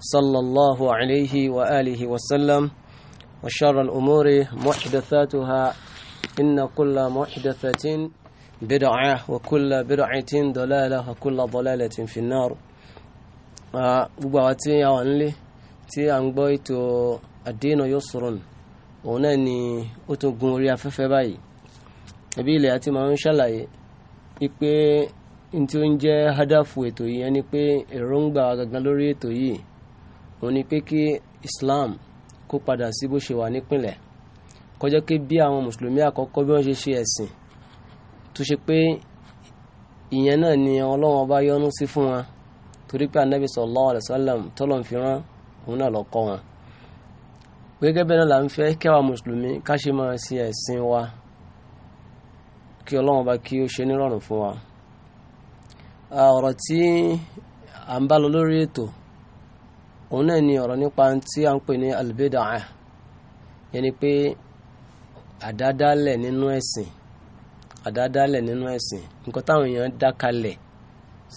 صلى الله عليه وآله وسلم وشر الأمور محدثاتها إن كل محدثة بدعة وكل بدعة ضلالة وكل ضلالة في النار gbogbo àwọn tí a wà nílé tí a ń gbọ́ ètò àdínà yusrun òun náà ni ó tún gun orí afẹ́fẹ́ báyìí ẹbí ilẹ̀ àti màá ń ṣàlàyé pé tí ó ń jẹ́ hadafu ètò yìí ẹni pé èròǹgbà gangan lórí ètò yìí òun ni pé kí Islam kó padà sí bó ṣe wà nípìnlẹ̀ kọjá pé bí àwọn mùsùlùmí àkọ́kọ́ bí wọ́n ṣe ṣe ẹ̀sìn tó ṣe pé ìyẹn náà ni Ọlọ́run ọba yọ́nú sí fún wa torí pé anabi sallallahu alaihi wasallam tọ́lọ̀ ń fi rán òun náà lọ kọ́ wọn. gẹ́gẹ́ bẹ́ẹ̀ náà là ń fẹ́ kẹwàá mùsùlùmí ká ṣe máa ṣe ẹ̀sìn wa kí Ọlọ́run ọba kí ó ṣe nírọ̀rùn fún wa ọ̀rọ̀ tí à ń bá lọ lórí ètò òun náà ni ọ̀rọ̀ nípa tí à ń pè ní albedaa yẹn ni pé àdádálẹ̀ nínú ẹ̀sìn àdádálẹ̀ nínú ẹ̀sìn nǹkan táwọn èèyàn dá kalẹ̀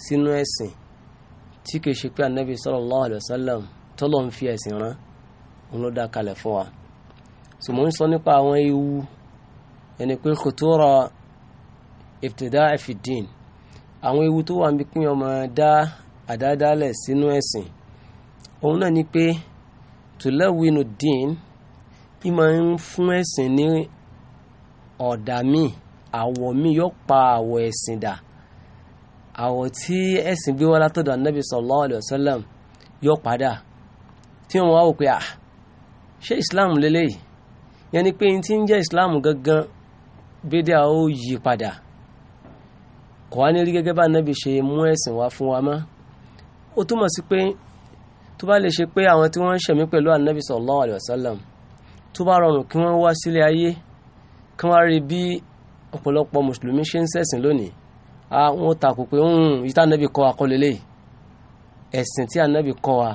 sínú ẹ̀sìn tí kìí ṣe pé anabi sallallahu alaihi wasallam tọ́lọ̀ ń fi ẹ̀sìn rán òun ló dá kalẹ̀ fún wa so mo ń sọ nípa àwọn ewu yẹn ni pé kòtòrò ibtidaa fi din àwọn ewu tó wà ń bí kí ọmọ dá àdádálẹ̀ sínú ẹ̀sìn òun náà ni pé tùlẹ̀wìnù dín bí máa ń fún ẹ̀sìn ní ọ̀dà míì àwọ̀ míì yóò pa àwọ̀ ẹ̀sìn dà àwọ̀ tí ẹ̀sìn gbé wá látọ̀dọ̀ anábì sallallahu alaihi wasallam yóò padà tí wọ́n wá wò pé à ah, ṣé islam lélẹ́yìí yẹn ni pé n ti ń jẹ́ islam gangan bídíà ó yí padà kò wá ní rí gẹ́gẹ́ bá nàbì ṣe mú ẹ̀sìn wá fún wa mọ́ ó túmọ̀ sí pé tó bá lè ṣe pé àwọn tí wọ́n ń ṣẹ̀mí pẹ̀lú ànábì sallallahu alaihi wasallam tó bá rọrùn kí wọ́n wá sílé ayé kí wọ́n rí bí ọ̀pọ̀lọpọ̀ mùsùlùmí ṣe ń ṣẹ̀sìn lónìí a wọ́n takò pé ń yìí tá ànábì kọ́ wa kọ́ lélẹ́yìí ẹ̀sìn tí ànábì kọ́ wa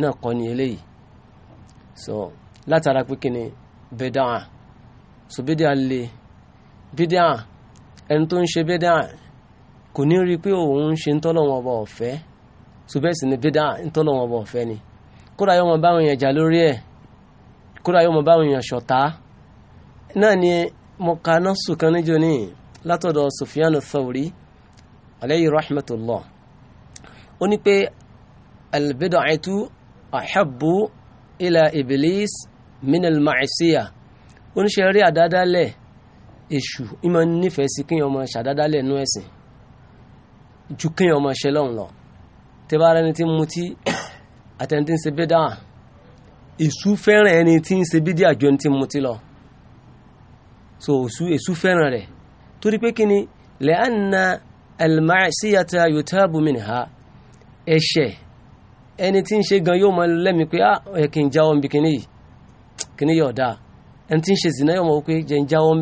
náà kọ́ ni eléyìí so látara pé kí ni bẹ́dàá so bẹ́dàá le bẹ́dàá ẹni tó ń ṣe bẹ́dàá kò ní rí i pé òun ń ṣe ntọ́lọ́wọ́n ọba ọ̀fẹ́ ṣùgbẹ́sì ni bídà ntọ́lọ́wọ́n ọba ọ̀fẹ́ ni kódà yóò mọ báwọn èèyàn jà lórí ẹ̀ kódà yóò mọ báwọn èèyàn ṣọ̀tá náà ni mo ka nọ́ọ̀sù kan níjó ní látọ̀dọ̀ Sufyanu Thawri alayhi rahmatullah ó ní pé albid'atu ahabbu ila iblis min al-ma'siyya ó ní ṣe rí àdádálẹ̀ èṣù ìmọ̀ nífẹ̀ẹ́ sí kí wọ́n mọ ṣàdádálẹ̀ nú ẹ̀sìn ju kéèyàn ọmọ ṣe lọ́hùn lọ tẹ bá rẹni tí ń mutí àtẹni tí ń ṣe bídà èṣù fẹ́ràn ẹni tí ń ṣe bídà ju ẹni tí ń mutí lọ so èṣù fẹ́ràn rẹ̀ torí pé kíni lẹ́ànà al-ma'siyata yutabu minha ẹ̀ṣẹ̀ ẹni tí ń ṣe gan yóò máa lẹ́mi pé á ẹ̀ kì í jáwọ́ níbi kíní yìí kíní yóò dáa ẹni tí ń ṣe zìnnà yóò mọ̀ pé jẹ́ ń jáwọ́ ń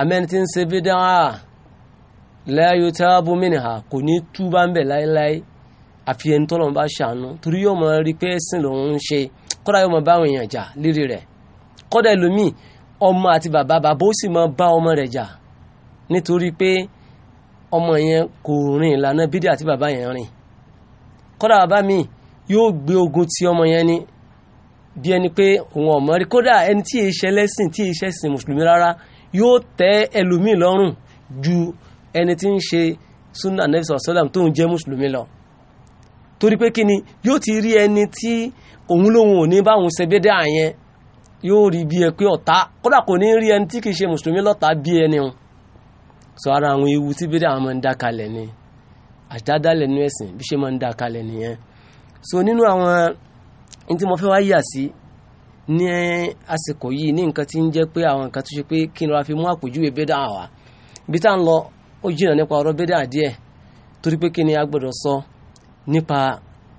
àmẹ́ni tí ń ṣe bídà á la yutabu minha kò ní túbá ń bẹ̀ láéláé àfi ẹni tọ́lọ́run bá ṣàánú torí yóò mọ rí pé ẹ̀sìn lòun ń ṣe kódà yóò mọ báwọn èèyàn jà lérí rẹ̀ kódà ẹlòmíì ọmọ àti bàbá bàbá ó sì mọ bá ọmọ rẹ̀ jà nítorí pé ọmọ yẹn kò rìn ìlànà bídí àti bàbá yẹn rìn kódà bàbá mi yóò gbé ogun ti ọmọ yẹn ni bí ẹni pé òun ọmọ rí kódà ẹni tí ìṣẹlẹsìn tí ìṣẹsìn mùsùlùmí rárá yóò tẹ ẹlòmíì lọ́rùn ju ẹni tí ń ṣe sunna nabi sallam tó ń jẹ́ mùsùlùmí lọ torí pé kí ni yóò ti rí ẹni tí òun lòun ò ní báwọn ṣẹbẹ́dẹ́ àyẹn yóò rí bí ẹ pé ọ̀tá kódà kò ní rí ẹni tí kì í ṣe mùsùlùmí lọ́tà bí ẹni o sọ ara àwọn ewu tí bídà àwọn máa ń dá kalẹ̀ ni àdádálẹ̀ nínú ẹ̀sìn bí ṣe máa ń dá kalẹ̀ nìyẹn so nínú àwọn ní tí mo fẹ́ wá yà sí ní àsìkò yìí ní nǹkan tí ń jẹ́ pé àwọn nǹkan tó ṣe pé kí ni wàá fi mú àpèjúwe bídà àwà bí tá à ń lọ ó jìnnà nípa ọ̀rọ̀ bídà díẹ̀ torí pé kí ni a gbọ́dọ̀ sọ nípa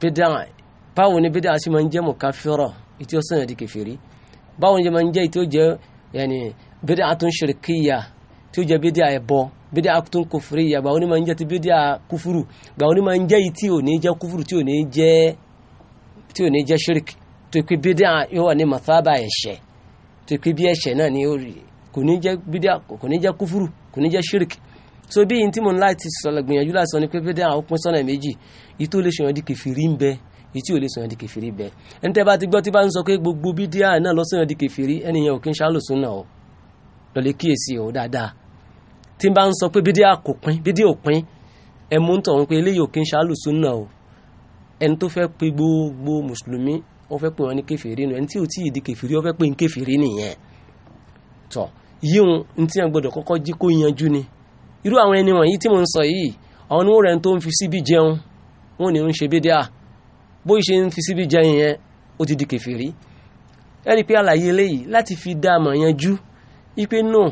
bídà báwo ni bídà ṣe máa ń jẹ́ mùkáfírọ̀ ìtí ó sọ̀yàn di kèfèrí báwo ni ṣe máa ń jẹ́ ìtí ó jẹ́ yẹni bídà tó ń ṣirikíyà tí ó jẹ́ bídà ẹ̀bọ bídà tó ń kufuri yà gbàwọn ni máa ń jẹ́ ti bídà kúfúrù gbàwọn ni máa ń jẹ́ yìí tí ò ní jẹ́ kúfúrù tí ò ní jẹ́ tí tó pé bídà yóò wà ní màtábà ẹ̀ṣẹ̀ tó pé bí ẹ̀ṣẹ̀ náà ni ó rí kò ní jẹ́ bídà kò ní jẹ́ kúfúrù kò ní jẹ́ ṣirikí so bí n tí mo ń láti sọlọ gbìyànjú láti sọ ni pé bídà àwọn pín sọ́nà méjì ìtò lè sọ̀yàn di kẹfìrí ń bẹ ìtì ò lè sọ̀yàn di kẹfìrí bẹ ẹni tẹ́ bá ti gbọ́ tí bá ń sọ pé gbogbo bídà náà lọ sọ̀yàn di kẹfìrí ẹnìyẹn ò kí ń ṣàlò súnà o lọ́lẹ̀ kíyèsí o dáadáa tí bá ń sọ pé bídà kò pín bídà ò pín ẹ mú ń tọ̀hún pé eléyìí ò kí ń ṣàlò súnà o ẹni tó fẹ́ pe gbogbo mùsùlùmí wọ́n fẹ́ pe wọ́n ní irú àwọn ẹni wọ̀nyí tí mo ń sọ yìí àwọn oníwòrán ẹni tó ń fi síbi jẹun wọn ni ń ṣe bídíà bó ṣe ń fi síbi jẹun yẹn ó ti di kèfèrí ẹni pé àlàyé eléyìí láti fi dá àmọ̀ yanjú ipe náà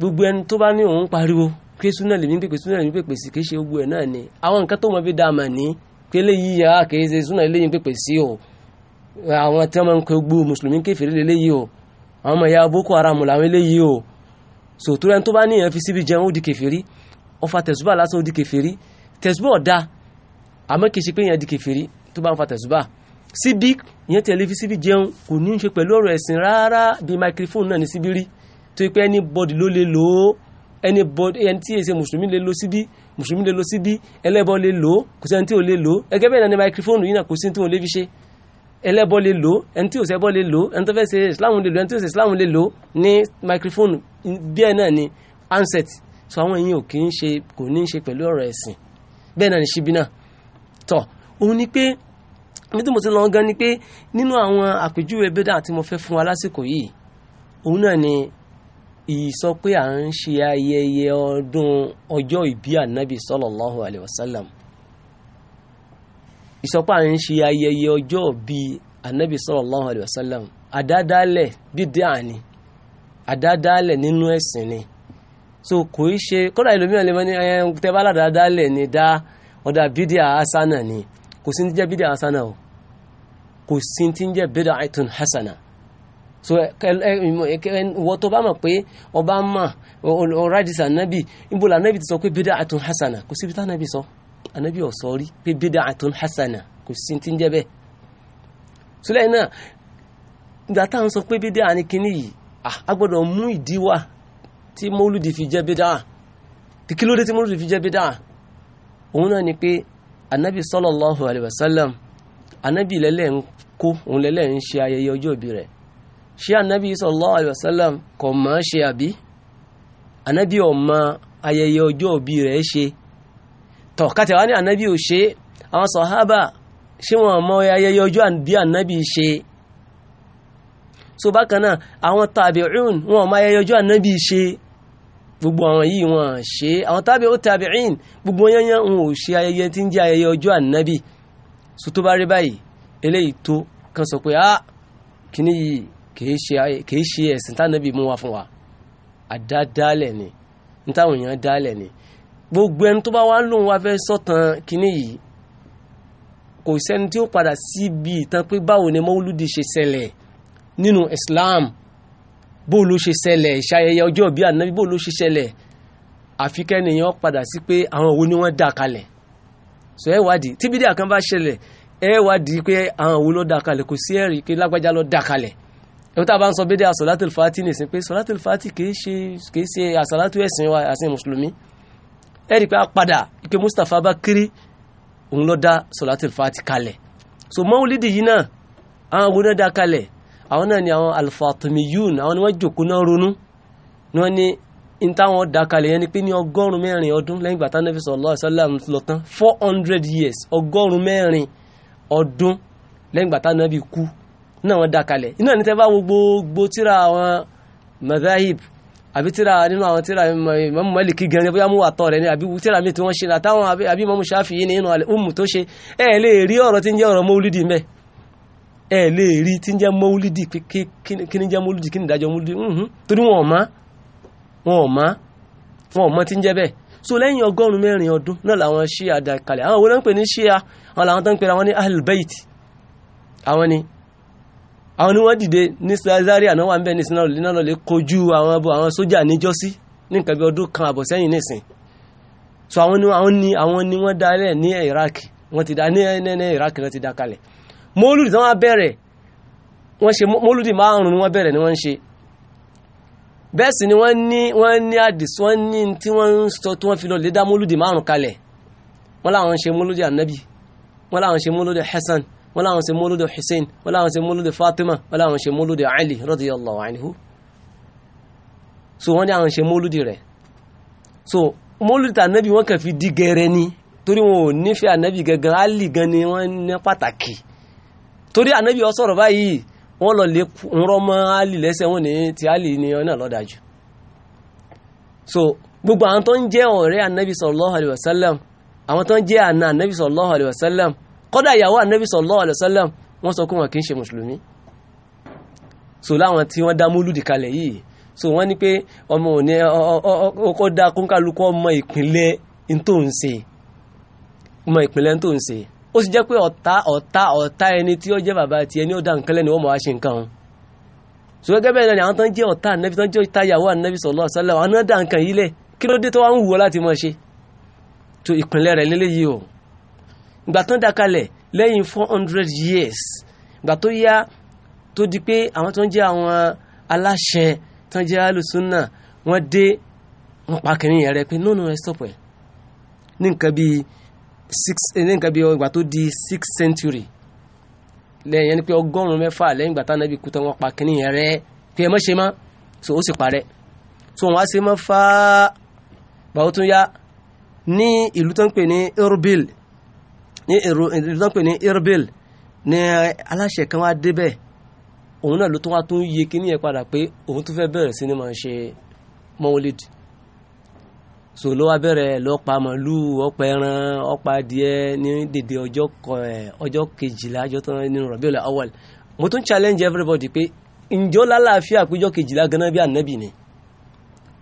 gbogbo ẹni tó bá ní òun pariwo pé súnà lèmi pèpè súnà lèmi pèpè sí kéṣe gbogbo ẹ̀ náà ni àwọn nǹkan tó mọ̀ fi dá àmọ̀ ní pé eléyìí yà kéé ṣe súnà eléyìí pèpè sí o àwọn tí wọ́n máa ń kọ gbogbo mùsùlùmí kèfèrí lélẹ́yìí sòtúrú ẹni tó bá níyàn fi síbi jẹun ó di kèfèrí ó fa tẹ̀sùbà lásán ó di kèfèrí tẹ̀sùbà ọ̀dà àmọ́ kìí ṣe pé yẹn di kèfèrí tó bá ń fa tẹ̀sùbà síbi yẹn tẹ̀lé fi síbi jẹun kò ní í ṣe pẹ̀lú ọ̀rọ̀ ẹ̀sìn rárá bí microphone náà ní síbi rí tó yẹ pé anybody ló lè lò ó anybody ẹni tí èsè mùsùlùmí lè lò síbi mùsùlùmí lè lò síbi ẹlẹ́bọ ni microphone yìí náà ẹlẹ́bọ lè lò ẹni tí ò ṣẹbọ lè lò ẹni tó fẹ́ ṣe islam lè lò ẹni tí ò islam lè lò ní microphone bíẹ̀ náà ni handset so àwọn èèyàn ò kì í ṣe kò ní í ṣe pẹ̀lú ọ̀rọ̀ ẹ̀sìn bẹ́ẹ̀ náà ni ṣíbí náà tọ̀ òun ni pé ní tí mo ti lọ gan ni pé nínú àwọn àpèjúwe bídà tí mo fẹ́ fún wa lásìkò yìí òun náà ni ìsọ pé à ń ṣe ayẹyẹ ọdún ọjọ́ ìbí ànábì sallallahu alaihi wasallam ìsọpá ń ṣe ayẹyẹ ọjọ́ bíi anabi sallallahu alayhi wa sallam àdádálẹ̀ bídíà ni àdádálẹ̀ nínú ẹ̀sìn ni so kò í ṣe kódà ìlòmíràn lè mọ ní ẹyẹn tẹ bá ládàádálẹ̀ ni dá ọ̀dà bídíà hasana ni kò sí ní jẹ́ bídíà hasana o kò sí ti ń jẹ́ àìtún hasana so wọ́n tó bá mọ̀ pé ọba mọ̀ ọ̀rádìsà nábì ìbúlà nábì ti sọ pé bídíà àìtún hasana kò sí bídíà nábì sọ. So, anabi ọ̀sọ́ rí pé bid'atun hasana kò sí ti ń jẹ́ bẹ́ẹ̀ sùlẹ̀ náà ìgbà táwọn sọ pé bídá ní kíní yìí a gbọ́dọ̀ mú ìdí wá tí mọ́lùdì fi jẹ́ bídá kí ló dé tí mọ́lùdì fi jẹ́ bídá òun náà ni pé anabi sallallahu alayhi wa sallam anabi lẹ́lẹ̀ ń kó òun lẹ́lẹ̀ ń ṣe ayẹyẹ ọjọ́ ìbí rẹ̀ ṣé anabi sallallahu alayhi wa sallam kò mọ̀ ṣe àbí anabi ò mọ̀ ayẹyẹ ọjọ́ ìbí ṣe tọ̀ kátẹ̀ wá ní ànábì ò ṣe àwọn sọ̀hábà ṣé wọn mọ ayẹyẹ ọjọ́ bí ànábì ṣe so bákan náà àwọn tàbí'un wọn mọ ayẹyẹ ọjọ́ ànábì ṣe gbogbo àwọn yìí wọn ṣe àwọn tàbí'u tàbí'in gbogbo yẹnyẹn wọn ò ṣe ayẹyẹ tí ń jẹ́ ayẹyẹ ọjọ́ ànábì so tó bá rí báyìí eléyìí tó kan sọ pé ah kíní yìí kìí ṣe ẹ̀sìn tánàbì mú wa fún wa àdádálẹ̀ ni ní táwọn èèyàn dálẹ̀ ni gbogbo ẹni tó bá wá lóun wá fẹ́ sọ̀tàn kínní yìí kò sẹ́ni tí ó padà síbi ìtàn pé báwo ni mọ́wúlúdì ṣe ṣẹlẹ̀ nínú Islam bó ló ṣe ṣẹlẹ̀ ìṣayẹyẹ ọjọ́ bíi ànábì bó ló ṣe ṣẹlẹ̀ àfi kẹ́nìyàn padà sí pé àwọn òwò ni wọ́n dà kalẹ̀ so ẹ wádìí tí bídíà kan bá ṣẹlẹ̀ ẹ wádìí pé àwọn òwò ló dà kalẹ̀ kò sí ẹ̀rí pé lágbájá ló dà kalẹ̀ ẹ̀wọ́n tá a bá ń sọ bídíà sọ̀látìlfàtì nìsín pé sọ̀látìlfàtì kì í ṣe àsàlátù ẹ̀sìn wa àsìn mùsùlùmí ẹ̀rí pé apadà ike Mustapha Bakiri òun ló dá solatul fati kalẹ̀ so mọ́wúlídì yìí náà àwọn awo náà dá kalẹ̀ àwọn náà ni àwọn al-Fatimiyun àwọn ni wọ́n jòkóó náà ronú ni wọ́n ní n táwọn dá kalẹ̀ yẹn ni pé ní ọgọ́rùn mẹ́rin ọdún lẹ́yìn gbàtà Nabi sallallahu alaihi lọ tán four hundred years ọgọ́rùn mẹ́rin ọdún lẹ́yìn gbàtà Nabi kú náà wọ́n dá kalẹ̀ iná ní tẹ́ bá wo gbogbo tíra àwọn madahib àbí tíra nínú àwọn tíra Imam Maliki gan ni bóyá mú àtọ rẹ ni àbí tíra mi tí wọn ṣe àtàwọn àbí Imam Shafi'i nínú al-Umm tó ṣe ẹ lè rí ọ̀rọ̀ tí ń jẹ ọ̀rọ̀ mọlúdì mẹ ẹ lè rí tí ń jẹ mọlúdì kí ni jẹ mọlúdì kí ni ìdájọ́ mọlúdì torí wọn ò má wọn ò má wọn ò mọ tí ń jẹ bẹ́ẹ̀ so lẹ́yìn ọgọ́rùn mẹ́rin ọdún náà làwọn ṣíà dà kalẹ̀ àwọn wo ló ń pè ní ṣíà àwọn làwọn tó ń pè ní ahlul bayt àwọn ni àwọn ni wọ́n dìde ní Zaria náà wà ń bẹ̀ ní sinna lọ́lẹ̀ náà lọ́lẹ̀ kojú àwọn abo àwọn sójà níjọ́sí ní nǹkan bí ọdún kan àbọ̀ sẹ́yìn nísìn so àwọn ni àwọn ni àwọn ni wọ́n dalẹ̀ ní Iraq wọ́n ti da ní ní Iraq náà ti da kalẹ̀ mọ́lúdì tí wọ́n bẹ̀rẹ̀ wọ́n ṣe mọ́lúdì márùn ni wọ́n bẹ̀rẹ̀ ni wọ́n ń ṣe bẹ́ẹ̀ sì ni wọ́n ní wọ́n ní àdìs wọ́n ní tí wọ́n ń sọ tí wọ́n fi lọ lè dá mọ́lúdì márùn-ún kalẹ̀ wọ́n láwọn ṣe mọ́lúdì ànábì wọ́n láwọn ṣe mọ́lúdì Hasan wọ́n láwọn ṣe mọ́lúdẹ̀ Hussein wọ́n láwọn ṣe mọ́lúdẹ̀ Fatima wọ́n láwọn ṣe mọ́lúdẹ̀ Ali radiyallahu anhu so wọ́n ní àwọn ṣe mọ́lúdẹ̀ rẹ̀ so mọ́lúdẹ̀ tànàbí wọ́n kàn fi di gẹ̀rẹ́ ni torí wọn ò nífẹ̀ẹ́ ànàbí gangan Ali gan ni wọ́n ní pàtàkì torí ànàbí ó sọ̀rọ̀ báyìí wọ́n lọ lè rọ́ mọ́ Ali lẹ́sẹ̀ wọn ní ti Ali ni ọ̀nà lọ́dájú so gbogbo àwọn tó ń jẹ́ ọ̀rẹ́ ànàbí sallallahu alaihi wasallam àwọn tó ń jẹ́ àna ànàbí sallallahu alaihi wasallam kọ́dà ìyàwó ànábì sallallahu alaihi wasallam wọ́n sọ pé wọn kì í ṣe mùsùlùmí so láwọn tí wọ́n dá múlùdì kalẹ̀ yìí so wọ́n ní pé ọmọ òní ọkọ̀ dá kónkálukú ọmọ ìpínlẹ̀ ntòǹsè ọmọ ìpínlẹ̀ ntòǹsè ó sì jẹ́ pé ọ̀tá ọ̀tá ọ̀tá ẹni tí ó jẹ́ bàbá ti ẹni ó dá nǹkan lẹ́nu ọmọ wa ṣe nǹkan so gẹ́gẹ́ bẹ́ẹ̀ ni àwọn tán jẹ́ ọ̀tá ànábì tán jẹ́ ọ̀tá ìyàwó ànábì sallallahu alaihi wasallam àwọn náà dá nǹkan yìí lẹ̀ kí ló dé tó wá ń wù ọ́ láti mọ̀ ṣe tó ìpínlẹ̀ rẹ̀ lélẹ́yìí o ìgbà tó ń dakalẹ̀ lẹ́yìn four hundred years ìgbà tó yá tó di pé àwọn tó ń jẹ́ àwọn aláṣẹ tó ń jẹ́ alùsùnà wọ́n dé wọ́n pa kìnìún yẹn rẹ pé no no ẹ stop ẹ ní nǹkan bíi six ní nǹkan bíi ìgbà tó di six century lẹ́yìn yẹn ni pé ọgọ́rùn-ún mẹ́fà lẹ́yìn ìgbà tá nàbí kú tán wọ́n pa kìnìún yẹn rẹ pé ẹ mọ̀ ṣe mọ́ so ó sì parẹ́ so wọ́n á ṣe mọ́ fáá bàbá tó yá ní ìlú tó ń pè ní Erbil ní èrò ìdánpẹ̀ ní irbil ní aláṣẹ kan wá débẹ̀ òun náà ló tún wá tún yé kíní yẹn padà pé òun tún fẹ́ bẹ̀rẹ̀ sí ni máa ń ṣe mọ́wólid so ló wá bẹ̀rẹ̀ lọ́pa màálù ọ̀pẹ ẹran ọ̀pá adìẹ ní dèdè ọjọ́ ọjọ́ kejìlá ọjọ́ tó ń nínú Rabiul Awwal mo tún challenge everybody pé ǹjọ́ lálàáfíà péjọ́ kejìlá ganan bí ànábì ni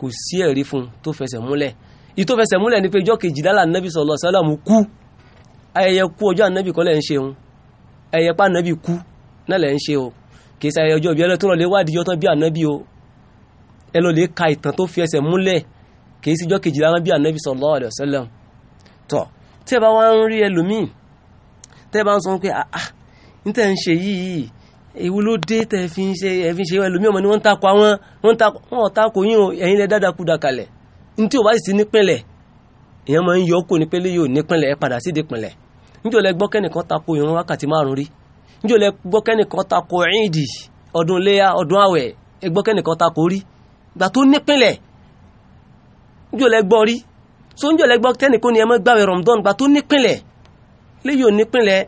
kò sí ẹ̀rí fún tó fẹsẹ̀ múlẹ̀ ìtò fẹsẹ̀ múlẹ̀ ni pé ọjọ́ kejìlá làǹnábì sallallahu alaihi wasallam kú ayẹyẹ kú ọjọ́ ànábì kọ́ lẹ́ ń ṣe òun ayẹyẹ pa ànábì kú náà lẹ́ ń ṣe o kì í ṣe ayẹyẹ ọjọ́ ìbí wádìí ọtán bí ànábì o ẹ lọ lè ka ìtàn tó fi ẹsẹ̀ múlẹ̀ kì í ṣíjọ́ kejìlá bí ànábì sallallahu alaihi wasallam tọ̀ tí ẹ bá wá ń rí ẹlòmíì tẹ́ ẹ bá ń sọ pé àà ah, ń ah, tẹ́ ń ṣe yìí ìwú ló dé tẹ́ fi ń ṣe ẹ̀fin ṣe ẹlòmíì ọmọ ni wọ́n ń takò àwọn wọ́n ń takò yín o ẹ̀yin lẹ dáadáa kú dakalẹ̀ ní tí ò bá sì sí nípìnlẹ̀ èèyàn máa ń yọ kó ní pé léyò nípìnlẹ̀ ẹ padà sídìí pinlẹ̀ níjọ́ lẹ gbọ́ kẹ́nìkan tako ìrun wákàtí márùn rí níjọ́ lẹ gbọ́ kẹ́nìkan tako ìdì ọdún léyà ọdún àwẹ̀ ẹ gbọ́ kẹ́nìkan tako rí gbà tó nípìnlẹ̀ níjọ́ lẹ gbọ́ rí so níjọ́ lẹ gbọ́ kẹ́nìkan ni ẹ máa gbàwẹ̀ Ramadan gbà tó nípìnlẹ̀ léyò nípìnlẹ̀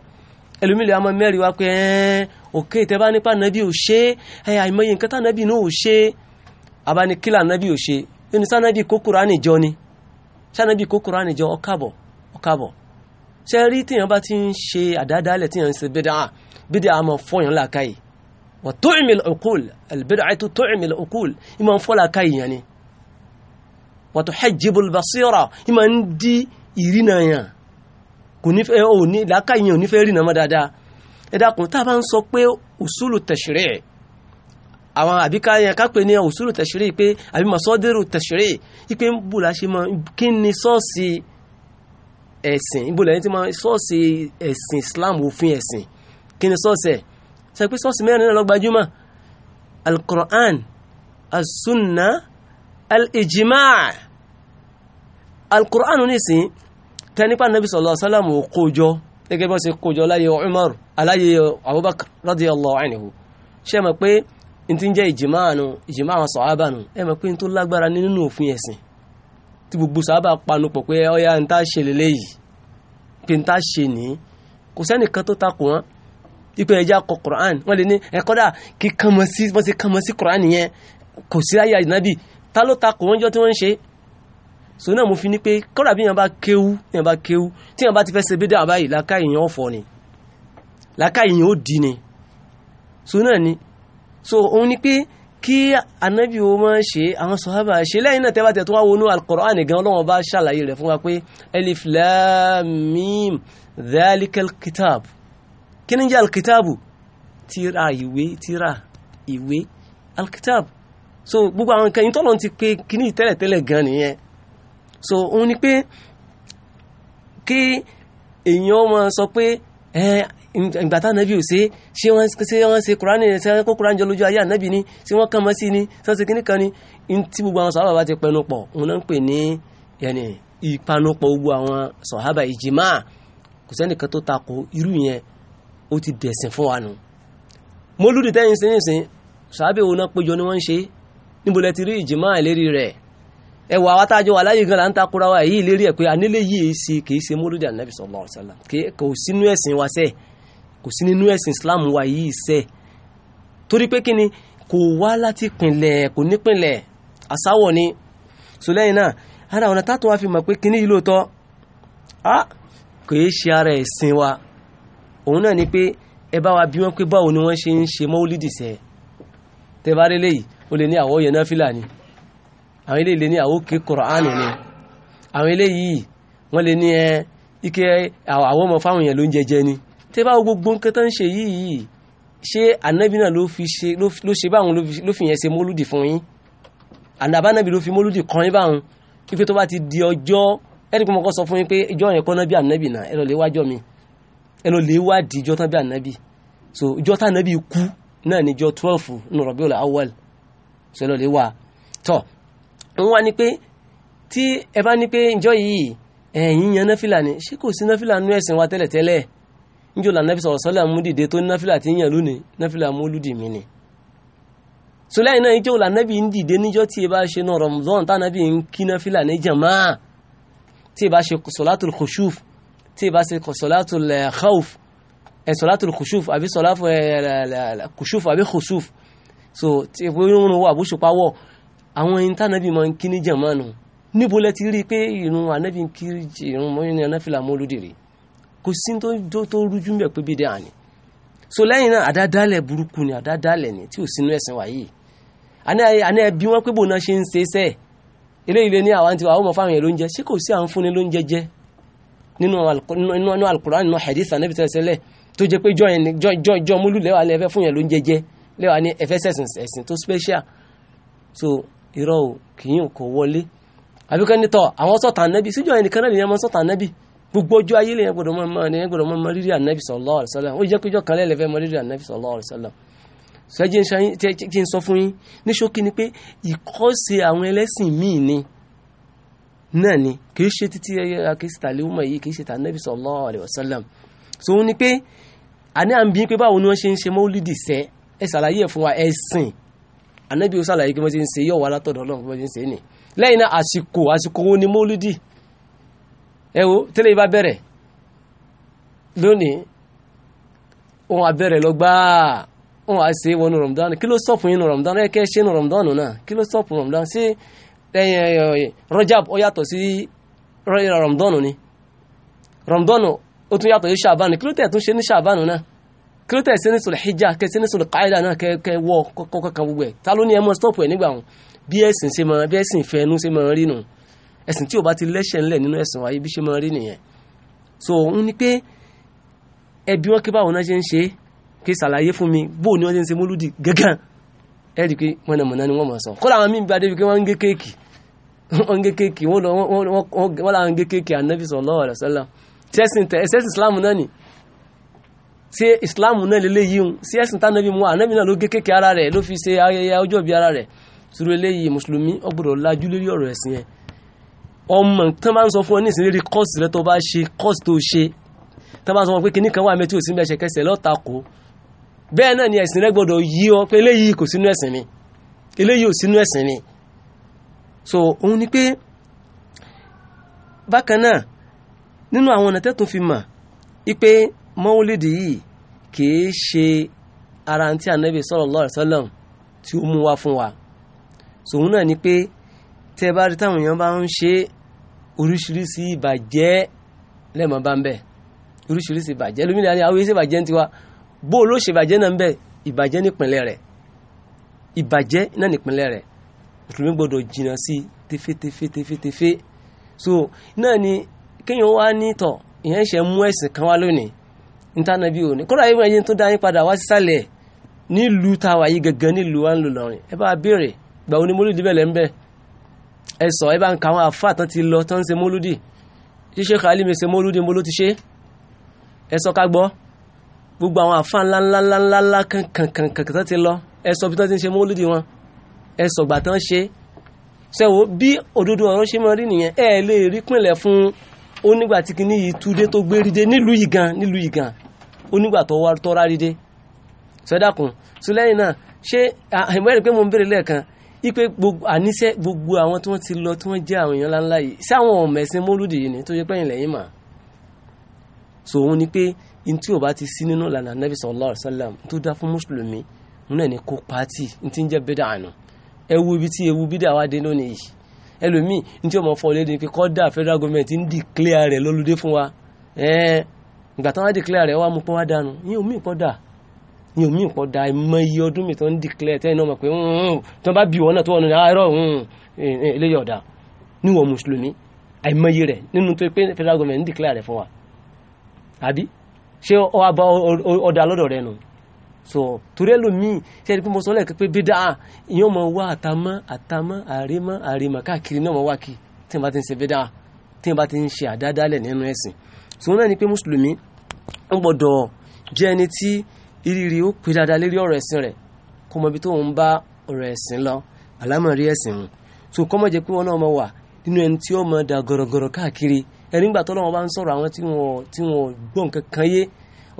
ẹlòmílẹ̀ àmọ́ mẹ́rin wá pé ẹ́ẹ́ òkè ìtẹ́bá nípa nàbí ò ṣe ẹ̀ àìmọye nǹkan tá nàbí náà ò ṣe abánikílà nàbí ò ṣe ẹni sá nàbí kó Kùránì ni ṣáàbí kó kúránì jọ ọkàbọ̀ ọkàbọ̀ ṣe rí tíyàn bá ti ń ṣe àdáadáalẹ̀ tíyàn ń ṣe bídà bídà a máa fọyàn làákàyè wà tó ìmìlì òkúl albid'atu tó ìmìlì òkúl ìmọ̀ ń fọ́ làákàyè yẹn ni wà tó hajjibul basira ìmọ̀ ń di ìrìnà yẹn kò nífẹ̀ẹ́ ò ní làákàyè yẹn ò nífẹ̀ẹ́ rìnà mọ́ dáadáa ẹ dákun tá a bá ń sọ pé usulu tashri' àwọn àbíká yẹn ká pè ní usulu tashri pé àbí masadiru tashri ipe ń bù láṣẹ mọ kí ni sọ́ọ̀sì ẹ̀sìn ìbò lẹ́yìn tí mọ sọ́ọ̀sì ẹ̀sìn Islam òfin ẹ̀sìn kí ni sọ́ọ̀sì ẹ̀ sọ pé sọ́ọ̀sì mẹ́rin náà ló gbajúmọ̀ al-Qur'an as-sunna al-ijma' al-Qur'an nísìn tẹnipa nabi sallallahu alaihi wasallam kójọ gẹ́gẹ́ bí wọ́n ṣe kójọ láyé Umar aláyé Abubakar radiyallahu anhu ṣe mọ̀ pé ntí ń jẹ́ ìjìmá àánú ìjìmá àwọn sọ̀hábà nù ẹ mọ̀ pé n tó lágbára nínú òfin ẹ̀sìn tí gbogbo sọ̀hábà panu pọ̀ pé ọ̀yà ń tá ṣe lélẹ́yìí pé ń tá ṣe nìyí kò sẹ́nìkan tó takò wọ́n ipe ẹja kọ quran wọ́n lè ní ẹ̀kọ́dà kí kànmọ́ sí wọ́n ti kànmọ́ sí quran yẹn kò sí ayé àjìnábì ta ló takò wọ́n jọ tí wọ́n ń ṣe so náà mo fi ní pé kọ́dà bí yẹn bá kéwú yẹn bá kéwú tí yẹn bá ti fẹ́ ṣe bídà báyìí làákà èèyàn ọ̀fọ̀ ni làákà èèyàn ó di ni so náà ni so òun ni pé kí anabi wo máa ṣe àwọn sọ̀hábà ṣe lẹ́yìn náà tẹ́bà tẹ̀ tó wá wọnú al-Qur'an gan Ọlọ́run bá ṣàlàyé rẹ̀ fún wa pé alif lam mim dhalikal kitab kí ni jẹ́ alkitabu tírà ìwé tírà ìwé alkitab so gbogbo àwọn nǹkan ìtọ́lọ̀ ti pé kíní tẹ́lẹ̀tẹ́lẹ̀ gan nìyẹn so òun ni pé kí èèyàn máa sọ pé ìgbà tá nàbí ò ṣe ṣé wọ́n ṣe wọ́n ṣe kúránì ṣe kó kúránì jọ lójú ayé ànábì ni ṣé wọ́n kàn mọ́ sí ni ṣé wọ́n kan ni tí gbogbo àwọn sọ̀hábà bá ti pẹnu pọ̀ òun náà ń pè ní yẹnì ìpanupọ̀ gbogbo àwọn sọ̀hábà ìjìmá kò sẹ́nìkan tó ta ko irú yẹn ó ti dẹ̀sìn fún wa nù. mọ́lúdì tẹ́yìn sí nìsín sàábẹ̀ wo náà péjọ ni wọ́n ń ṣe níbo lẹ ti rí ìjìmá ìlérí rẹ̀ ẹ wà wá tájọ wà láyé gan la ń takora wa èyí ìlérí ẹ̀ pé anílé yìí ṣe kì í ṣe mọ́lúdì ànábì sallallahu alaihi kò sínú ẹ̀sìn wa sẹ́ẹ̀ kò sí nínú ẹ̀sìn Islam wa yìí sẹ́ torí pé kí ni kò wá láti pinlẹ̀ kò nípìnlẹ̀ àsáwọ̀ ni sùlẹ́yìn náà ara ọ̀nà tátùn wa fi mọ̀ pé kíní yìí lóòótọ́ á kò yé ṣe ara ẹ̀sìn wa òun náà ni pé ẹ bá wa bí wọ́n pé báwo ni wọ́n ṣe ń ṣe mọ́wúlídì sẹ́ tẹ bá rí léyìí o lè ní àwọ̀ yẹn náà fìlà ni àwọn eléyìí lè ní àwọ̀ kí Kùránì ni àwọn eléyìí wọ́n lè ní ẹ ike àwọ̀ ọmọ fáwọn yẹn ló ń jẹjẹ ni tẹ́ bá gbogbo nǹkan tó ń ṣe yìí ṣé ànábì náà ló fi ṣe ló ṣe báwọn ló fi yẹn ṣe mólúdì fún yín àdàbà ànábì ló fi mólúdì kan yín báwọn wípé tó bá ti di ọjọ́ ẹ̀rí pọ́nmọ́kọ́ sọ fún yín pé ìjọ yẹn kọ́ná bí ànábì náà ẹ lọ lè wájọ́ mi ẹ lọ lè wádìí ìjọ tán bí ànábì so ìjọ tán ànábì kú náà ni ìjọ twelve ní Rabiul Awwal so ẹ lọ lè wá tọ́ wọ́n wá ní pé tí ẹ bá ní pé ìjọ yìí ẹ̀yìn yan náfìlà ni ṣé kò sí náfìlà nú ẹ̀sìn wa tẹ́lẹ̀tẹ́lẹ̀ níjọ́ la nàbí sọ̀rọ̀ sọ́lá mú dìde tó náfìlà ti ń yàn lónìí náfìlà mú lùdì mí ni sọláyìn náà níjọ́ la nàbí ń dìde níjọ́ tí ẹ bá ṣe náà Ramadan tá nàbí ń kí náfìlà ní jàmá tí ẹ bá ṣe sọlátùl kùsùf tí ẹ bá ṣe sọlátùl eh, khawf ẹ eh, sọlátùl kùsùf àbí sọlátùl eh, kùsùf àbí kùsùf so tí ẹ bó ń wọ àbúṣepá wọ àwọn ẹni tá nàbí máa ń ní jàmá nù níbo lẹ ti rí i pé ìrun ànábì ń kí ìrun mọ́ kò sí tó rújú mẹ́ pé bídẹ́ àní so lẹ́yìn náà àdádálẹ̀ burúkú ni àdádálẹ̀ ni tí ò sínú ẹ̀sìn wáyé àní ẹbí wọn pé bò náà ṣe ń ṣe iṣẹ́ eléyìí lé ní àwọn tiwa àwọn ọmọ fáwọn yẹn ló ń jẹ ṣé kò sí àwọn fúnni ló ń jẹjẹ nínú alukur'an nínú hadith anabi tẹ̀lé sẹ́lẹ̀ tó jẹ́ pé jọ yẹn jọ jọ múlù lẹ́wà lẹ́fẹ́ fún yẹn ló ń jẹjẹ lẹ́wà ní ẹ̀fẹ́ sẹ̀sìn ẹ̀sìn tó special so irọ́ kìí kò wọlé àbíkẹ́ nítọ̀ àwọn sọ̀tàn nábì síjọ́ yẹn nìkan náà lè yẹn mọ́ sọ̀tàn nábì gbogbo ọjọ́ ayé lèyàn gbọ́dọ̀ mọ̀ ní ẹ gbọ́dọ̀ mọ̀ rírì ànábì sallallahu alaihi wasallam ó jẹ́ péjọ kan lẹ́lẹ́fẹ́ mọ̀ rírì ànábì sallallahu alaihi wasallam sẹ́jẹ́ kí n sọ fún yín ní ṣókí ni pé ìkọ́sẹ̀ àwọn ẹlẹ́sìn míì ni náà ni kì í ṣe títí kì í ṣe yìí kì ṣe tànábì sallallahu alaihi wasallam so ó ní pé àní à ń bí pé báwo ni wọ́n ṣe ń ṣe mọ́lídì sẹ́ ẹ ṣàlàyé ẹ̀ fún wa ẹ sìn ànábì ó ṣàlàyé kí wọ́n ṣe ń ṣe yọ̀wọ́ alátọ̀dọ̀ ọlọ́run kí wọ́n ṣe ń ṣe é nì lẹ́yìn náà àsìkò àsìkò wo ni mọ́lídì ẹ wo tẹ́lẹ̀ yìí bá bẹ̀rẹ̀ lónìí wọn á bẹ̀rẹ̀ lọ gbáà wọn á ṣe wọnú rọmọdán kí ló sọ̀pù yín nu rọmọdán ẹ kẹ́ ṣe nu rọmọdán náà kí ló sọ̀pù rọmọdán ṣé rọjab ó yàtọ̀ sí rọmọdán ni rọmọdán ó tún yàtọ̀ sí ṣàbánu kí ló tẹ̀ tún ṣe ní ṣàbánu náà kí ló tẹ̀ ṣe ní sùlù hijja kẹ́ ṣe ní sùlù qaida náà kẹ́ kẹ́ wọ́ kọ́kọ́ kan gbogbo ẹ̀ ta ló ní ẹ mọ́ sọ̀pù ẹ̀ nígbà wọn bí ẹ̀sìn ṣe máa bí ẹ̀sìn fẹ́ẹ́nu ṣe máa rí nù ẹ̀sìn tí ò bá ti lẹ́sẹ̀ ńlẹ̀ nínú ẹ̀sìn wa ibi ṣe máa rí nìyẹn so òun ni pé ẹbí wọn kí báwo náà ṣe ń ṣe kí ṣàlàyé fún mi bóò ni wọn ṣe ń ṣe mólúdì gángan ẹ rí i pé mọ̀nàmọ̀nà ni wọ́n mọ̀ sọ kódà àwọn míì bá débi pé wọ́n ń gé kéèkì wọ́n ń gé kéèkì wọ́n làwọn ń gé kéèkì ànábì sallallahu alaihi wasallam sẹ́sìn islam náà ni ṣé islam náà lélẹ́yìí ń ṣé ẹ̀sìn tánàbí mu ànábì náà ló gé kéèkì ara rẹ̀ ló fi ṣe ayẹyẹ ọjọ́ ìbí ara rẹ̀ sùrù eléyìí mùsùlùmí ó lajú lórí ọ̀rọ̀ ẹ̀sìn yẹn ọmọ tí wọ́n bá ń sọ fún ọ ní ìsinlérí kọ́ọ̀sì rẹ tó bá ṣe kọ́ọ̀sì tó ṣe tí wọ́n sọ fún pé kíní kan wà mẹ́tí ò sí mẹ́sẹ̀kẹsẹ̀ lọ́tàkó bẹ́ẹ̀ náà ni ẹ̀sìn rẹ gbọ́dọ̀ yí ọ pé eléyìí kò sínú ẹ̀sìn mi eléyìí ò sínú ẹ̀sìn mi so òun ni pé bákan náà nínú àwọn ọ̀nà tẹ́tùn fi mà ipe mọ́wúlídì yìí kìí ṣe ara tí ànábì sallallahu alaihi wasallam tí ó mú wá fún wa so òun náà ni pé tẹ́ bá rí táwọn èèyàn bá ń ṣe oríṣiríṣi ìbàjẹ́ lẹ́mọ̀ bá ń bẹ̀ oríṣiríṣi ìbàjẹ́ lómìnira ni àwọn iṣẹ́ ìbàjẹ́ ń tiwa bó o ló ṣe ìbàjẹ́ náà ń bẹ̀ ìbàjẹ́ nípìnlẹ̀ rẹ̀ ìbàjẹ́ náà nípìnlẹ̀ rẹ̀ mùsùlùmí gbọ́dọ̀ jìnnà sí tefetefetefetefe so náà ni kéèyàn wá ní tọ̀ ìyẹn ṣe mú ẹ̀sìn kan wá lónìí nítànàbí òní kódà ìwọ̀n ẹ̀yẹ tó dá yín padà wá sísàlẹ̀ nílùú táwa yìí gẹ́gẹ́ nílùú wa ń lò lọ́rìn ẹ bá béèrè gbàwo ni mólúdìbẹ̀lẹ̀ ń bẹ́ẹ̀ ẹ sọ ẹ bá ń ka àwọn àfáà tán ti lọ tán ń ṣe mólúdì ṣíṣe kàálí mi ṣe mólúdì mo ló ti ṣe ẹ sọ ká gbọ́ gbogbo àwọn àfáà ńláńláńláńlá kankankankan tán ti lọ ẹ sọ bí tán ti ń ṣe mólúdì wọn ẹ sọ̀gbà tán ṣe ṣe wo bí òdodo ọ̀rọ̀ ṣe máa rí nìyẹn ẹ lè rí pínlẹ̀ fún onígbà tí kìíní yìí túdé tó gbé rídé nílùú yìí gan nílùú yìí gan onígbà tó wá tọ́ra rídé sọdá kun sùlẹ́yìn náà ṣé àìmọ́ ẹ̀rí pé mo ń béèrè lẹ́ẹ̀kan ipe gbogbo àníṣe gbogbo àwọn tí wọ́n ti lọ tí wọ́n jẹ́ àwọn èèyàn ńláńlá yìí sí àwọn ọmọ ẹ̀sìn mólúdì yìí ni tó yẹ pẹ́yìn lẹ́yìn mà so òun ni pé n tí o bá ti sí nínú ìlànà anabi sallallahu alaihi wasallam tó dá fún mùsùlùmí òun náà ni kó pàtì n ti ń jẹ́ bídà àná ewu ibi tí ewu bídà wá dé lónìí yìí ẹlòmíì n tí o mọ̀ fọ́ léde ni pé kọ́dà federal government ń declare rẹ̀ lólúdé fún wa ẹ̀ẹ́n ìgbà táwọn declare rẹ̀ wá mú pọ́n wá dànù yín omi kọ́dà ní omi ìkọ̀dà ìmọ̀ iye ọdún mi tó ń dìklẹ̀ tẹ́yìn náà mọ̀ pé tó bá bí wọn náà tó wọn náà ẹ̀rọ eléyìí ọ̀dà níwọ̀ mùsùlùmí àìmọ̀ iye rẹ̀ nínú tó pé federal government ń dìklẹ̀ rẹ̀ fún wa àbí ṣé ọba ọ̀dà lọ́dọ̀ rẹ̀ nù so torí ẹlòmíì ṣe é pé mo sọ lẹ́ẹ̀kẹ́ pé bídà ah, ìyẹn ọmọ wa àtàmọ́ àtàmọ́ àrèmọ́ àrèmọ́ káàkiri náà mọ̀ wá kí tí wọ́n ti ń ṣe bídà tí wọ́n ti ń ṣe àdádálẹ̀ nínú ẹ̀sìn so náà ni pé mùsùlùmí ń ìrírí ó pè dáadáa lérí ọ̀rọ̀ ẹ̀sìn rẹ̀ kó mọ ibi tó ń bá ọ̀rọ̀ ẹ̀sìn lọ àlámọ̀rí ẹ̀sìn wọn so kọ́ mọ̀ jẹ́ pé wọn náà mọ̀ wà nínú ẹni tí ó mọ̀ da gọ̀rọ̀gọ̀rọ̀ káàkiri ẹni gbà tọ́lọ́wọ́n bá ń sọ̀rọ̀ àwọn tí wọ́n tí wọ́n gbọ́ nǹkan kan yé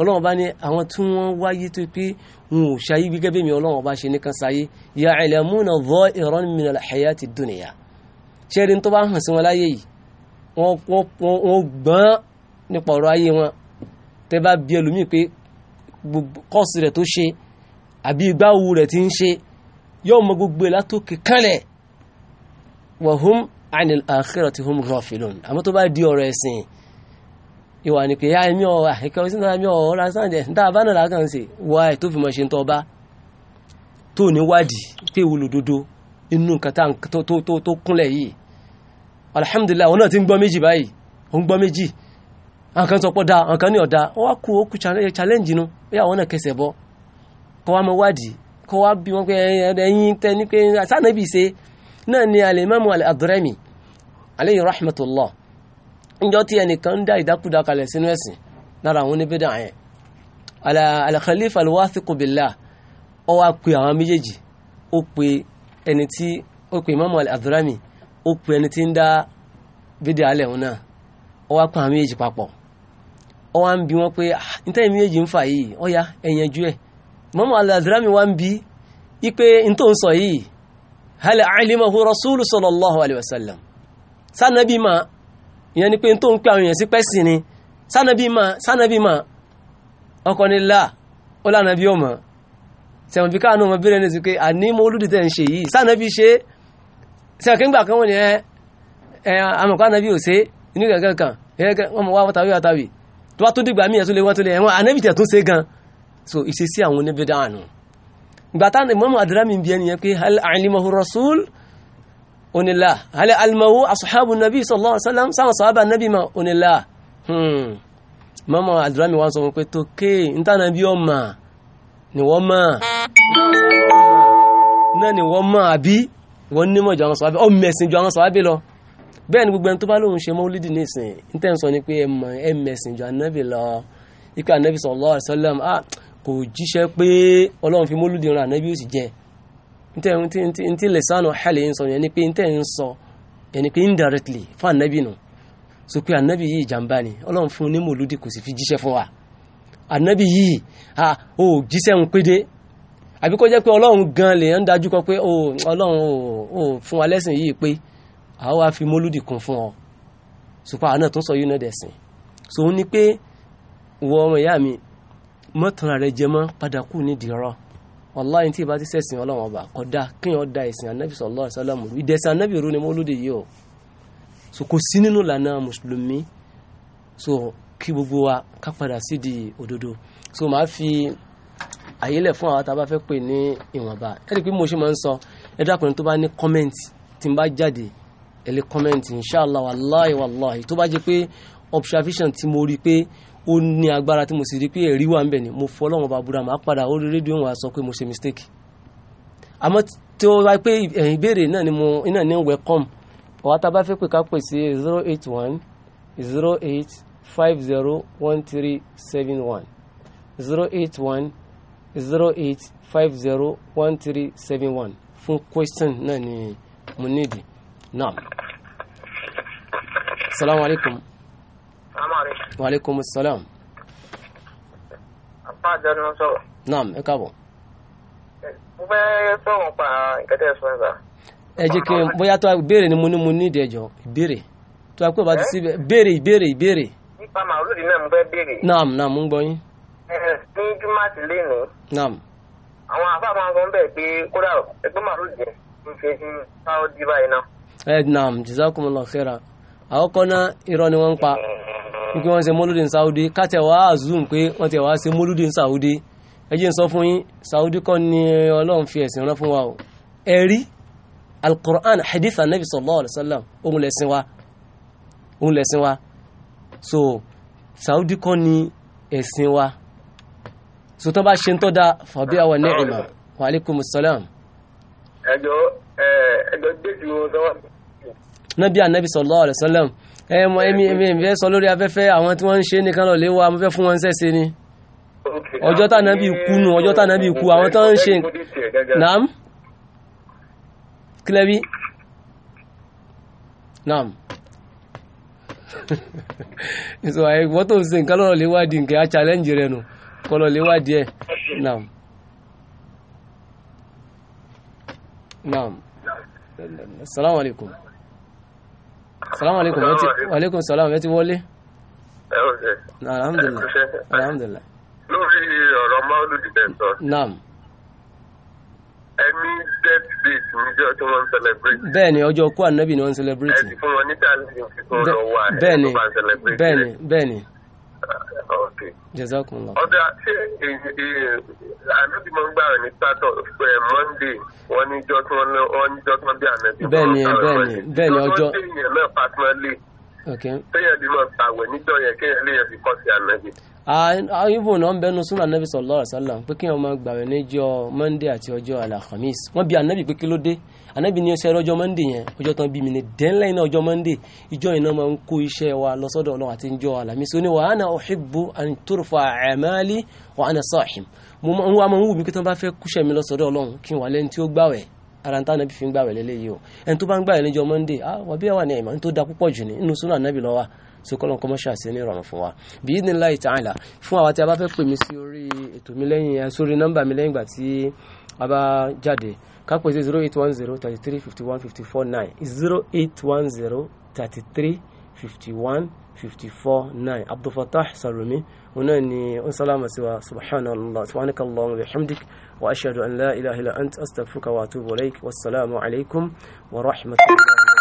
ọlọ́wọ́n bá ní àwọn tí wọ́n wáyé tó pé wọn ò ṣayé gẹ́gẹ́ bí mi ọlọ́wọ́n bá ṣe nìkan ṣayé ya'lamuna dhahiran min al-hayati dunya ṣẹ́rin tó bá hàn sí wọn láyé yìí wọ́n gbọ́n nípa ọ̀rọ̀ ayé wọn tẹ́ bá bí ẹlòmíì pé kọ́ọ̀sì rẹ̀ tó ṣe àbí ìgbáwo rẹ̀ ti ń ṣe yóò mọ gbogbo ẹ̀ látòkè kálẹ̀ wahum anil akhirati hum ghafilun àmọ́ tó bá di ọ̀rọ̀ ẹ̀sìn ìwà ni kìí àìmí ọ̀rọ̀ àìkẹ́rọ̀ sí ìdára mi ọ̀rọ̀ lásán jẹ́ níta bá náà lákàn sí wà ẹ̀ tó fi mọ̀ ṣe ń tọ́ba tó pé olùdodo inú nǹkan tó kúnlẹ̀ náà ti ń gbọ́ méjì báyìí òun gbọ́ méjì àwọn kan sọ pé da àwọn kan ní ọ̀dà wọ́n kú okú challenge nu bí àwọn náà kẹsẹ̀ bọ́ kọ́ wa mọ wádìí kọ́ wa bí wọ́n pé ẹyin tẹ ni alimami al-Adrami aleyhi rahmatullah njọ́ tí ẹnìkan ń dá ìdákúdá kalẹ̀ sínú ẹ̀sìn lára àwọn oníbẹ̀dà yẹn al-Khalifa ala wathiqu billah ó wá pe àwọn méjèèjì ó pe ẹni tí ó ọwọ́ ń bi wọ́n pé ah, níta èmi méjì ń fà yìí ọ̀ya ẹ̀yẹnjú ẹ̀ mọ́mọ́ alazrami wa ń bi ipe níta ń sọ yìí hal alimahu rasulu sallallahu alayhi wa sallam sanabi ma ìyẹn ni pé níta ń pè àwọn èèyàn sí pẹ́sì ni sanabi ma sanabi ma ọkọ ni la ó lànà bí ọmọ sẹ̀wọ̀n bí káànù ọmọ bílẹ̀ ní ti pé àní mo olùdìtẹ̀ ń ṣe yìí sanabi ṣe sẹ̀wọ̀n kí ń gbà kan wọ́n ni ẹ amọ̀kọ́ anabi ò ṣe inú kẹ̀kẹ́ kan ẹ̀ wọ́n mọ̀ wá wọ́tàwí wọ́tàwí tó bá tó dìgbà míyàn tó lè wọ́n tó lè ẹ̀wọ̀n ànábì tẹ̀ ṣe gan so ìṣesí àwọn oníbẹ̀dà àánú ìgbà táwọn ìmọ̀mù àdúrámì bí ẹni yẹn pé hal alimahu rasul onílà hal alimahu asuhabu nabi sallallahu alaihi wasallam sáwọn sahaba nabi ma onílà mọ́mù àdúrámì wọn sọ wọn pé tó ké ntànà bí ọmọ ni wọ́n mọ̀ náà ni wọ́n mọ̀ àbí wọ́n nímọ̀ jọ àwọn sahaba ọmọ ẹ̀sìn jọ àwọn sahaba lọ bẹ́ẹ̀ ni gbogbo ẹni tó bá lóun ṣe mọ́lídì nísìn nítẹ̀sán ni pé ẹmọ ẹmẹsìn ju anabi lọ ikú anabi ah kò jíṣẹ́ pé ọlọ́run fi ran anabi ó sì lẹ́sàn-án ọ̀hẹ́lẹ̀ ń sọ ń sọ pé indirectly fún anabi nù pé anabi ni ọlọ́run fún un ní kò anabi yìí ah jíṣẹ́ ń pé ọlọ́run gan lè ń kọ pé ọlọ́run fún wa lẹ́sìn yìí pé àwọn wa fi mólúdì kún fún ọ ṣùpá àánà tó ń sọ yìí náà dẹ̀sìn so ó ní pé wọ ọmọ ìyá mi mọ́tàn rẹ jẹ padà kú nídìí ọ̀rọ̀ wàláyé tí ìbá ti sẹ̀sìn ọlọ́wọ́n ọba kódà kíyàn da ìsìn anábì sallallahu alaihi wasallam ìdẹ̀sìn anábì ru ni mólúdì yìí o so kò sí nínú ìlànà mùsùlùmí so kí gbogbo wa ká padà sídìí òdodo so màá fi àyílẹ̀ fún àwọn tá a pè ní ìwọ̀nba ẹ̀rí pé mo ṣe máa ń sọ ẹ dákùnrin tó bá ní kọ́mẹ́ǹtì tí n bá jáde ẹ lè inshallah wallahi wallahi tó bá jẹ́ pé observation tí mo rí pé ó ní agbára tí mo sì rí pé ẹ̀rí wà ń bẹ̀ ni mo fọ́ lọ́wọ́ bá búra máa padà orí rédíò wa sọ pé mo ṣe mistake àmọ́ tí ó wá pé ẹ̀yìn ìbéèrè náà ni mo iná ní welcome ọ̀wá tá a bá fẹ́ pè ká pè sí zero eight one zero eight five zero one three seven one zero eight one zero eight five zero one three seven one fún question náà ni mo nídìí. نعم السلام عليكم السلام عليكم وعليكم السلام naam ẹ káàbọ̀. mo fẹ́ sọ̀rọ̀ pa nǹkan tẹ́ ẹ sọ nípa. ẹ jẹ́ kí n bóyá tó ìbéèrè ni mo ní mo ní ìdí ẹ̀jọ̀ ìbéèrè tó a pé bá ti sí béèrè ìbéèrè ìbéèrè. nípa màálùú náà mo fẹ́ béèrè. naam naam mo ń gbọ́ yín. ní jùmọ̀tì lẹ́nu. naam. àwọn àfáà máa ń sọ bẹ́ẹ̀ pé kódà ẹgbẹ́ màálùú ednam eh, jazakumullahu khairan àkọ́kọ́ náà irọ́ ni wọ́n ń pa wípé wọ́n ṣe mọ́lúdì ní saudi káàtẹ̀ wá azùn pé wọ́n ti wá ṣe mọ́lúdì ní saudi ẹ jẹ́ n sọ fún yín saudi kọ́ ni ọlọ́run fi ẹ̀sìn rán fún wa o ẹ̀rí alukur'an hadith anabi sallallahu alayhi wa sallam òun lẹ̀sìn wa òun lẹ̀sìn wa so saudi kọ́ ni ẹ̀sìn wa so tó bá ṣe ń tọ́ da fàbí àwọn ni'ima wa aleykum salam. ẹjọ eh, ẹjọ gbẹdì wọn sọ nábì ànábì sallallahu alaihi sallam ẹ mọ èmi èmi èmi fẹ́ sọ lórí afẹ́fẹ́ àwọn tí wọ́n ń ṣe nìkan lọ léwa mo fẹ́ fún wọn sẹ́sẹ́ ni ọjọ́ tá nàbí ikú nù ọjọ́ tá nàbí ikú àwọn tó ń ṣe naam kílẹ̀bí naam ìsọ àìwọ́ tó ń ṣe nǹkan lọ́rọ̀ léwádìí nǹkan á challenge rẹ̀ nù kọlọ̀ léwádìí ẹ̀ naam naam assalamu alaikum salamu aleykum wa aleykum salaam ẹ ti wọlé. ẹ eh, o ṣe. alhamdulilah eh, alhamdulilah. lórí ọ̀rọ̀ maulud tẹ̀ sọ. naam. ẹni death date níjọ́ tí wọ́n ń celebrate. bẹ́ẹ̀ni ọjọ́ kú ànábì ni wọ́n ń celebrate. ẹ fún wọn ní tàlẹ́ ìfipò lọ́wọ́ àyẹ̀wò bá ń celebrate. bẹ́ẹ̀ni bẹ́ẹ̀ni bẹ́ẹ̀ni okay. jazakumullah. ọ̀dà ṣé ànábì máa ń gbà ní sátọ̀ ẹ̀ mọ́ndé wọ́n ní jọ́ tí wọ́n ní wọ́n ní jọ́ tí wọ́n bí ànábì. bẹ́ẹ̀ni bẹ́ẹ̀ni bẹ́ẹ̀ni ọjọ́. tó wọ́n dé ìyẹn náà pàtàkì. ok. téèyàn bí máa gbàwẹ̀ níjọ́ yẹn kéèyàn lè yẹn fi kọ́ sí ànábì ibùn náà ń bẹnu súnà anabi sallallahu alaihi wasallam pé kí wọn máa gbàwẹ̀ níjọ́ monday àti ọjọ́ alakhamis wọn bi anabi pé kí ló dé anabi ní ọsẹ ọjọ́ monday yẹn ọjọ́ tán bí mi ní dẹ́nlẹ́ iná ọjọ́ monday ìjọ iná máa ń kó iṣẹ́ wa lọ́sọ́dọ̀ ọlọ́run àti ìjọ alamis ó ní wa ana uhibbu an turfa a'mali wa ana sahim mo máa ń wù mí kí tán bá fẹ́ kúṣẹ́ mi lọ́sọ́dọ̀ ọlọ́run kí n wà lẹ́ni tí ah wàbí ẹ̀ wà ní ẹ̀mọ́ ní tó da so kọ́lọ́n kọ́ mọ́ṣà sí ní ìrọ̀rùn fún wa bí ní láì tààlà fún àwa tí a bá fẹ́ pè mí sí orí ètò mi lẹ́yìn eh, sórí nọ́mbà mi lẹ́yìn ìgbà tí a bá jáde kápẹ́ sí zero eight one zero thirty three fifty one fifty four nine zero eight one zero thirty three fifty one fifty four nine abdulfatah salumi òun náà ni ó ń sálámà sí wa subhanallah subhanaka allahumma bihamdik wa ashhadu an la ilaha illa ant astaghfiruka wa atubu ilayk wassalamu alaykum wa rahmatullahi.